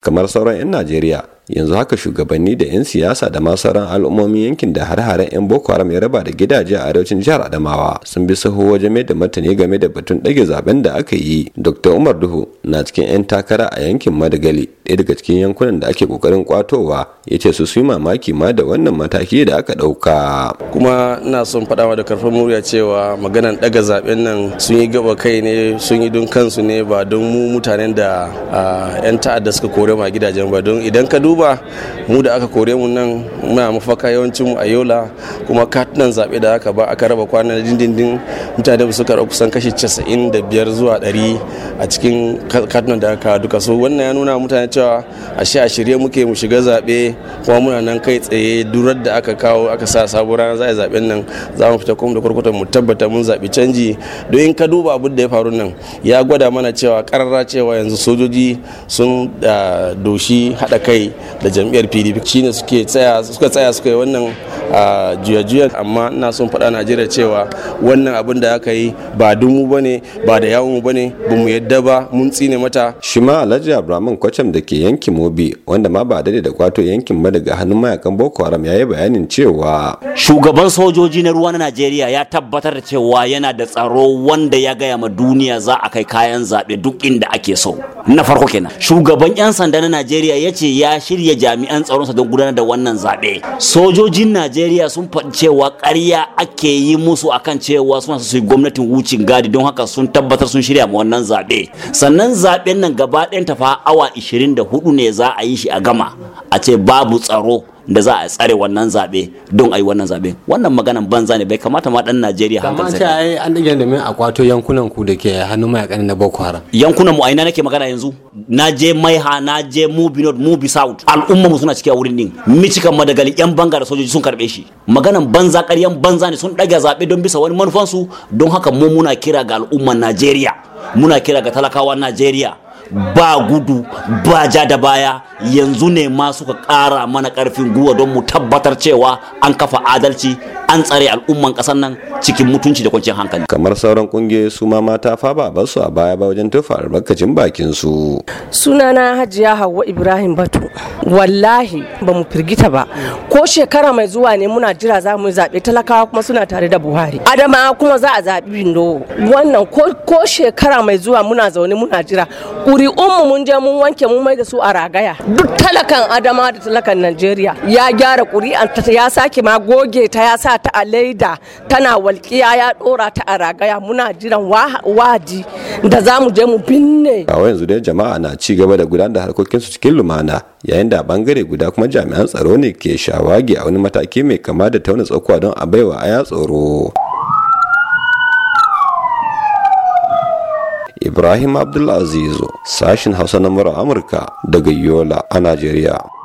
kamar sauran 'yan Najeriya yanzu haka shugabanni da 'yan siyasa da ma sauran al'ummomin yankin da har-haren 'yan boko haram ya raba da gidaje a arewacin jihar adamawa sun bi saho wajen mai da martani game da batun ɗage zaben da aka yi dr umar duhu na cikin 'yan takara a yankin madagali ɗaya daga cikin yankunan da ake ƙoƙarin kwatowa ya ce su yi mamaki ma da wannan mataki da aka ɗauka kuma ina son faɗawa da karfin murya cewa maganan ɗaga zaben nan sun yi gaba kai ne sun yi don kansu ne ba don mu mutanen da ah, 'yan ta'adda suka kore ma gidajen ba don idan ka duba duba mu da aka kore mu nan muna mafaka yawancin mu a yola kuma katunan zaɓe da aka ba aka raba kwanan dindindin mutane ba su karɓa kusan kashi 95 zuwa 100 a cikin katunan da aka duka so wannan ya nuna mutane cewa a sha shirye muke mu shiga zaɓe kuma muna nan kai tsaye durar da aka kawo aka sa sabon rana za a zaɓen nan za mu fita kuma da kwarkwatan mu tabbata mun zaɓi canji don in ka duba abin da ya faru nan ya gwada mana cewa karara cewa yanzu sojoji sun ah, doshi haɗa kai da jam'iyyar pdp shine suke tsaya suka tsaya suka yi wannan juya-juya amma ina son faɗa najeriya cewa wannan abin da aka yi ba dumu ba ne ba da yawon mu ba ne ba mu yadda ba mun tsine mata shi ma alhaji abraman kwacham da ke yankin mobi wanda ma ba dade da kwato yankin ba daga hannun mayakan boko haram ya yi bayanin cewa shugaban sojoji na ruwa na najeriya ya tabbatar da cewa yana da tsaro wanda ya gaya ma duniya za a kai kayan zaɓe duk inda ake so na farko kenan shugaban 'yan sanda na najeriya ya ce ya shirya jami'an tsaronsa don gudanar da wannan zaɓe sojojin najeriya sun faɗi cewa ƙarya ake yi musu akan cewa suna su yi gwamnatin wucin gadi don haka sun tabbatar sun shirya ma wannan zaɓe sannan zaɓen nan gaba ɗayan fa awa 24 ne za a yi shi a gama a ce babu tsaro da za a tsare wannan zaɓe don a yi wannan zaɓe wannan maganan banza ne bai kamata ma ɗan najeriya hankali y'a ai an dage da min akwato yankunan ku da ke mai mayakan na boko haram yankunan mu aina ina nake magana yanzu na je maiha na je mubi north mubi south al'umma mu suna cikin a wurin din cikan madagali yan banga sojoji sun karɓe shi maganan banza ƙaryan banza ne sun ɗage zaɓe don bisa wani manufansu don haka mu muna kira ga al'umman najeriya muna kira ga talakawa najeriya ba gudu ba ja da baya yanzu ne ma suka ƙara mana ƙarfin guwa don mu tabbatar cewa an kafa adalci an tsare al'umman ƙasar nan cikin mutunci da kwanciyar hankali kamar sauran kungiyoyi su ma mata fa ba basu a baya ba wajen tufa albarkacin bakin su sunana hajiya Hauwa ibrahim batu wallahi ba mu firgita ba ko shekara mai zuwa ne muna jira za mu zaɓe talakawa kuma suna tare da buhari adama kuma za a zaɓi bindo wannan ko shekara mai zuwa muna zaune muna jira ƙuri'unmu mun je mun wanke mun mai da su a ragaya duk talakan adama da talakan najeriya ya gyara ƙuri'an ya sake ma goge ta ya sa ta a laida tana walƙiya ya ɗora ta a ragaya muna jiran wadi da za mu je mu binne. a yanzu dai jama'a na ci gaba da gudanar da harkokinsu cikin lumana yayin da bangare guda kuma jami'an tsaro ne ke shawagi a wani mataki mai kama da tauna tsakuwa don a baiwa aya tsoro. Ibrahim Abdulaziz sashin Hausa na Amurka daga Yola a Najeriya.